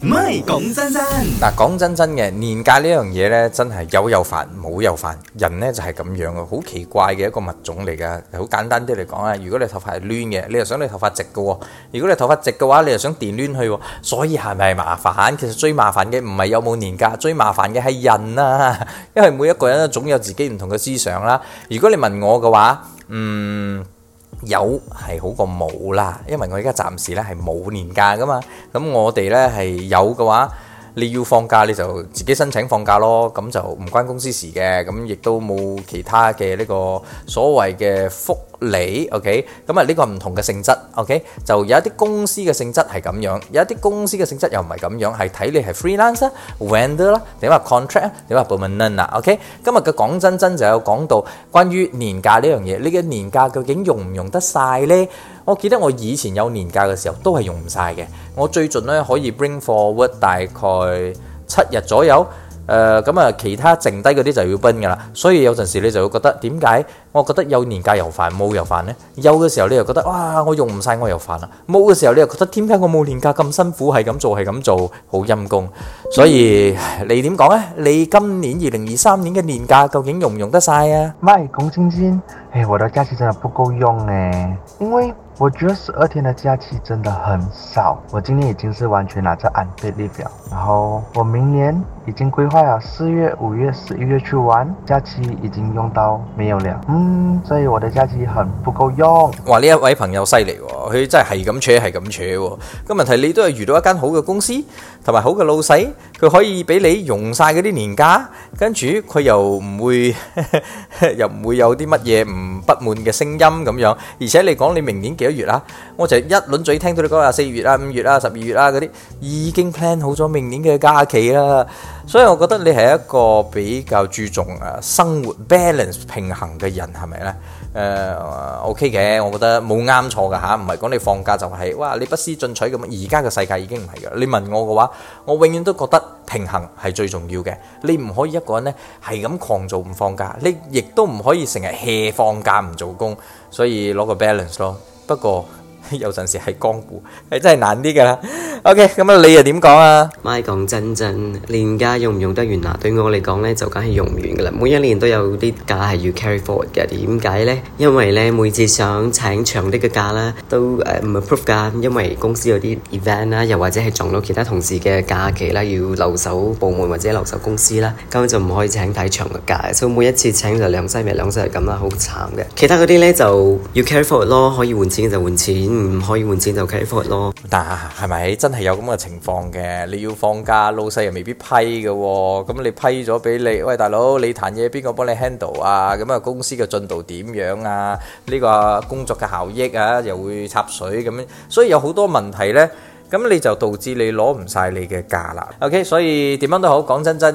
唔係講真真嗱，講真真嘅年假呢樣嘢咧，真係有又煩，冇又煩。人咧就係咁樣嘅，好奇怪嘅一個物種嚟噶。好簡單啲嚟講啊，如果你頭髮係攣嘅，你又想你頭髮直嘅，如果你頭髮直嘅話，你又想電攣去。所以係咪麻煩？其實最麻煩嘅唔係有冇年假，最麻煩嘅係人啊。因為每一個人都總有自己唔同嘅思想啦。如果你問我嘅話，嗯。有係好過冇啦，因為我而家暫時咧係冇年假噶嘛，咁我哋咧係有嘅話。你要放假你就自己申請放假咯，咁就唔關公司事嘅，咁亦都冇其他嘅呢個所謂嘅福利，OK？咁啊呢個唔同嘅性質，OK？就有一啲公司嘅性質係咁樣，有一啲公司嘅性質又唔係咁樣，係睇你係 freelancer、vendor 啦，定話 contract 啊，定話 permanent 啊，OK？今日嘅講真真就有講到關於年假呢樣嘢，你嘅年假究竟用唔用得曬呢？我記得我以前有年假嘅時候都係用唔晒嘅。我最盡咧可以 bring forward 大概七日左右。誒咁啊，其他剩低嗰啲就要 burn 㗎啦。所以有陣時你就會覺得點解？我覺得有年假又煩，冇又煩咧。有嘅時候你又覺得哇，我用唔晒我又煩啦。冇嘅時候你又覺得，點解我冇年假咁辛苦係咁做係咁做，好陰功。所以你點講咧？你今年二零二三年嘅年假究竟用唔用得晒啊？唔係，講清先，誒，我啲假期真係唔夠用咧，因為。我覺得十二天的假期真的很少。我今年已經是完全拿着 annual leave，然後我明年。已經規劃咗四月、五月、十一月去玩，假期已經用到沒有了。嗯，所以我的假期很不夠用。哇！呢位朋友犀利喎，佢真係咁扯，係咁扯。個問題你都係遇到一間好嘅公司，同埋好嘅老細，佢可以俾你用晒嗰啲年假，跟住佢又唔會又唔會有啲乜嘢唔不滿嘅聲音咁樣。而且你講你明年幾多月啦？我就一輪嘴聽到你講話，四月啊、五月啊、十二月啊嗰啲已經 plan 好咗明年嘅假期啦。所以我覺得你係一個比較注重誒生活 balance 平衡嘅人係咪呢？誒 OK 嘅，我覺得冇啱錯㗎吓，唔係講你放假就係哇你不思進取噉。而家嘅世界已經唔係㗎。你問我嘅話，我永遠都覺得平衡係最重要嘅。你唔可以一個人呢係咁狂做唔放假，你亦都唔可以成日 hea 放假唔做工。所以攞個 balance 咯。不過有陣時係光顧係真係難啲㗎啦。O K，咁啊，你又點講啊？MY 講真真，年假用唔用得完嗱、啊？對我嚟講咧，就梗係用唔完噶啦。每一年都有啲假係要 carry forward 嘅。點解咧？因為咧每次想請長啲嘅假啦，都誒唔係 approve 噶。因為公司有啲 event 啦，又或者係撞到其他同事嘅假期啦，要留守部門或者留守公司啦，根本就唔可以請太長嘅假。所以每一次請就兩三日，兩三日咁啦，好慘嘅。其他嗰啲咧就要 carry forward 咯，可以換錢嘅就換錢，唔可以換錢就 carry forward 咯。但係咪真係？係有咁嘅情況嘅，你要放假，老細又未必批嘅。咁你批咗俾你，喂，大佬，你彈嘢邊個幫你 handle 啊？咁啊公司嘅進度點樣啊？呢個工作嘅效益啊，又會插水咁樣，所以有好多問題呢。咁你就導致你攞唔晒你嘅假啦。OK，所以點樣都好，講真真，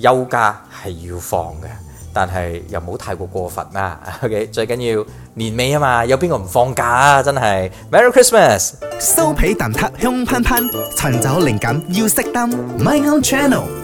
休假係要放嘅。但係又冇太過過分啦，OK？最緊要年尾啊嘛，有邊個唔放假啊？真係 Merry Christmas，酥皮蛋撻香噴噴，尋找靈感要熄燈，My own channel。